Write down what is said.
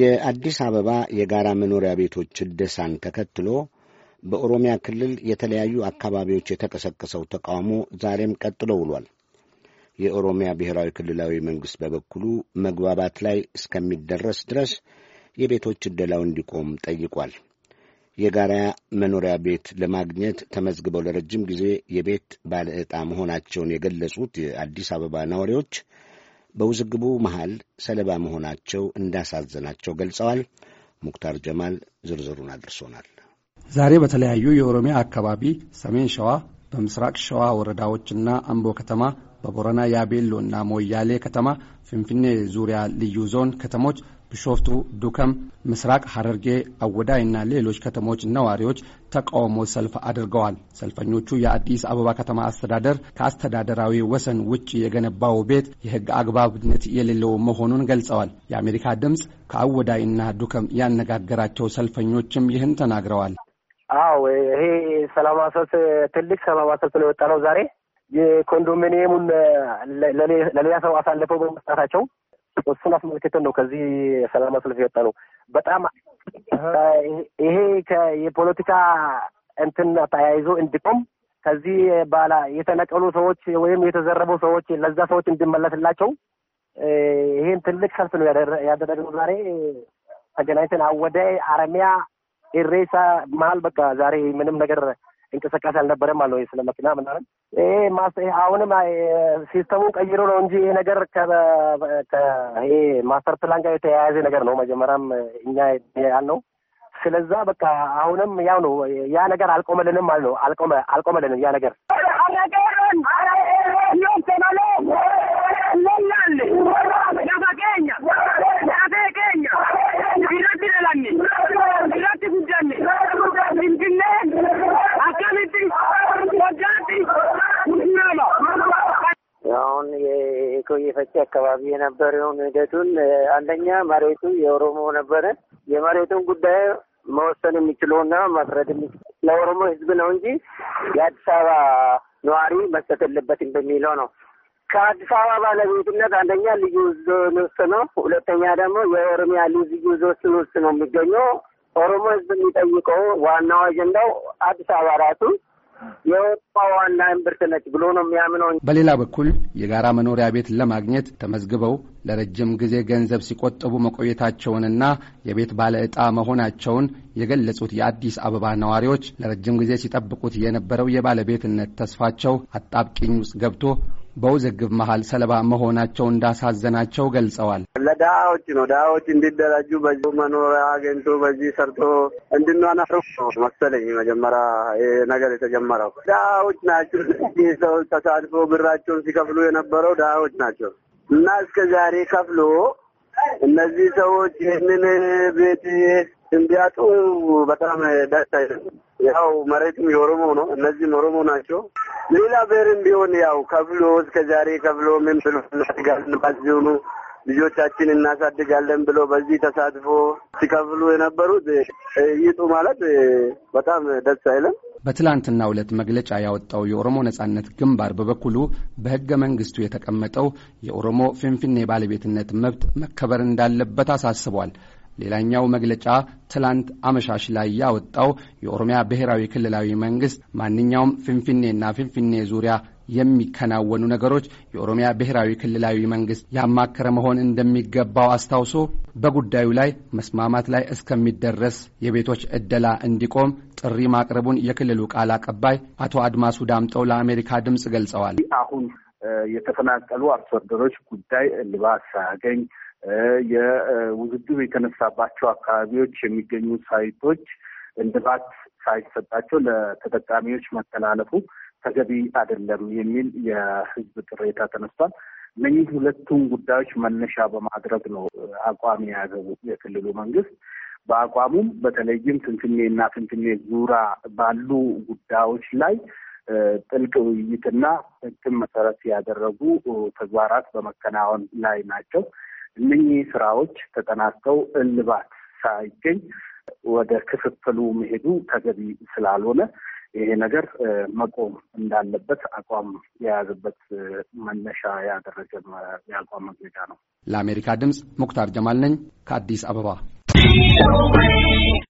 የአዲስ አበባ የጋራ መኖሪያ ቤቶች እደሳን ተከትሎ በኦሮሚያ ክልል የተለያዩ አካባቢዎች የተቀሰቀሰው ተቃውሞ ዛሬም ቀጥሎ ውሏል። የኦሮሚያ ብሔራዊ ክልላዊ መንግሥት በበኩሉ መግባባት ላይ እስከሚደረስ ድረስ የቤቶች እደላው እንዲቆም ጠይቋል። የጋራ መኖሪያ ቤት ለማግኘት ተመዝግበው ለረጅም ጊዜ የቤት ባለዕጣ መሆናቸውን የገለጹት የአዲስ አበባ ነዋሪዎች በውዝግቡ መሃል ሰለባ መሆናቸው እንዳሳዘናቸው ገልጸዋል። ሙክታር ጀማል ዝርዝሩን አድርሶናል። ዛሬ በተለያዩ የኦሮሚያ አካባቢ ሰሜን ሸዋ፣ በምስራቅ ሸዋ ወረዳዎችና አምቦ ከተማ በቦረና ያቤሎ እና ሞያሌ ከተማ፣ ፍንፍኔ ዙሪያ ልዩ ዞን ከተሞች ብሾፍቱ ዱከም፣ ምስራቅ ሐረርጌ፣ አወዳይ እና ሌሎች ከተሞች ነዋሪዎች ተቃውሞ ሰልፍ አድርገዋል። ሰልፈኞቹ የአዲስ አበባ ከተማ አስተዳደር ከአስተዳደራዊ ወሰን ውጭ የገነባው ቤት የሕግ አግባብነት የሌለው መሆኑን ገልጸዋል። የአሜሪካ ድምፅ ከአወዳይ እና ዱከም ያነጋገራቸው ሰልፈኞችም ይህን ተናግረዋል። አዎ ይሄ ሰላማዊ ሰልፍ ትልቅ ሰላማዊ ሰልፍ ነው የወጣ ነው ዛሬ የኮንዶሚኒየሙን ለሌላ ሰው አሳልፈው በመስጣታቸው እሱን አስመልክተን ነው ከዚህ ሰላማዊ ሰልፍ የወጣ ነው። በጣም ይሄ የፖለቲካ እንትን ተያይዞ እንዲቆም ከዚህ በኋላ የተነቀሉ ሰዎች ወይም የተዘረቡ ሰዎች ለዛ ሰዎች እንዲመለስላቸው ይህን ትልቅ ሰልፍ ነው ያደረግነው። ዛሬ ተገናኝተን አወደ አረሚያ ኢሬሳ መሀል በቃ ዛሬ ምንም ነገር እንቅስቃሴ አልነበረም አለ ስለ መኪና ምናምን ይሄ አሁንም ሲስተሙን ቀይሮ ነው እንጂ ይሄ ነገር ይሄ ማስተር ፕላን ጋር የተያያዘ ነገር ነው። መጀመሪያም እኛ ያልነው ስለዛ በቃ አሁንም ያው ነው። ያ ነገር አልቆመልንም ማለት ነው። አልቆመ አልቆመልንም ያ ነገር ሜክሲኮ እየፈቼ አካባቢ የነበረውን ሂደቱን አንደኛ መሬቱ የኦሮሞ ነበረ። የመሬቱን ጉዳይ መወሰን የሚችለውና መፍረድ ለኦሮሞ ህዝብ ነው እንጂ የአዲስ አበባ ነዋሪ መስጠት የለበትም በሚለው ነው። ከአዲስ አበባ ባለቤትነት አንደኛ ልዩ ዞን ውስጥ ነው፣ ሁለተኛ ደግሞ የኦሮሚያ ልዩ ዞን ውስጥ ነው የሚገኘው። ኦሮሞ ህዝብ የሚጠይቀው ዋናው አጀንዳው አዲስ አበባ ራሱ የወጣው አንድ እምብርት ነች ብሎ ነው የሚያምነው። በሌላ በኩል የጋራ መኖሪያ ቤት ለማግኘት ተመዝግበው ለረጅም ጊዜ ገንዘብ ሲቆጥቡ መቆየታቸውንና የቤት ባለዕጣ መሆናቸውን የገለጹት የአዲስ አበባ ነዋሪዎች ለረጅም ጊዜ ሲጠብቁት የነበረው የባለቤትነት ተስፋቸው አጣብቂኝ ውስጥ ገብቶ በውዝግብ መሃል ሰለባ መሆናቸው እንዳሳዘናቸው ገልጸዋል። ለድሃዎች ነው። ድሃዎች እንዲደራጁ በዚህ መኖሪያ አገኝቶ በዚህ ሰርቶ እንድንናፍር መሰለኝ መጀመሪያ ነገር የተጀመረው ድሃዎች ናቸው። ሰው ተሳድፎ ብራቸውን ሲከፍሉ የነበረው ድሃዎች ናቸው እና እስከ ዛሬ ከፍሎ እነዚህ ሰዎች ይህንን ቤት እንዲያጡ በጣም ደስ አይልም። ያው መሬትም የኦሮሞ ነው፣ እነዚህም ኦሮሞ ናቸው። ሌላ ብሔርም ቢሆን ያው ከፍሎ እስከ ዛሬ ከፍሎ ምን ብሎ እናድጋለን ባዚሆኑ ልጆቻችን እናሳድጋለን ብለው በዚህ ተሳትፎ ሲከፍሉ የነበሩት ይጡ ማለት በጣም ደስ አይለም። በትላንትና ዕለት መግለጫ ያወጣው የኦሮሞ ነጻነት ግንባር በበኩሉ በሕገ መንግስቱ የተቀመጠው የኦሮሞ ፊንፊኔ ባለቤትነት መብት መከበር እንዳለበት አሳስቧል። ሌላኛው መግለጫ ትላንት አመሻሽ ላይ ያወጣው የኦሮሚያ ብሔራዊ ክልላዊ መንግስት ማንኛውም ፊንፊኔና ፊንፊኔ ዙሪያ የሚከናወኑ ነገሮች የኦሮሚያ ብሔራዊ ክልላዊ መንግስት ያማከረ መሆን እንደሚገባው አስታውሶ በጉዳዩ ላይ መስማማት ላይ እስከሚደረስ የቤቶች ዕደላ እንዲቆም ጥሪ ማቅረቡን የክልሉ ቃል አቀባይ አቶ አድማሱ ዳምጠው ለአሜሪካ ድምፅ ገልጸዋል። አሁን የተፈናቀሉ አርሶ አደሮች ጉዳይ እልባት ሳያገኝ የውዝግብ የተነሳባቸው አካባቢዎች የሚገኙ ሳይቶች እልባት ሳይሰጣቸው ለተጠቃሚዎች መተላለፉ ተገቢ አይደለም የሚል የህዝብ ቅሬታ ተነስቷል። እነኚህ ሁለቱን ጉዳዮች መነሻ በማድረግ ነው አቋም የያዘው የክልሉ መንግስት። በአቋሙም በተለይም ትንትኔ እና ትንትኔ ዙራ ባሉ ጉዳዮች ላይ ጥልቅ ውይይትና ሕግን መሰረት ያደረጉ ተግባራት በመከናወን ላይ ናቸው። እነኚህ ስራዎች ተጠናቀው እልባት ሳይገኝ ወደ ክፍፍሉ መሄዱ ተገቢ ስላልሆነ ይሄ ነገር መቆም እንዳለበት አቋም የያዘበት መነሻ ያደረገ የአቋም መግለጫ ነው። ለአሜሪካ ድምፅ ሙክታር ጀማል ነኝ ከአዲስ አበባ።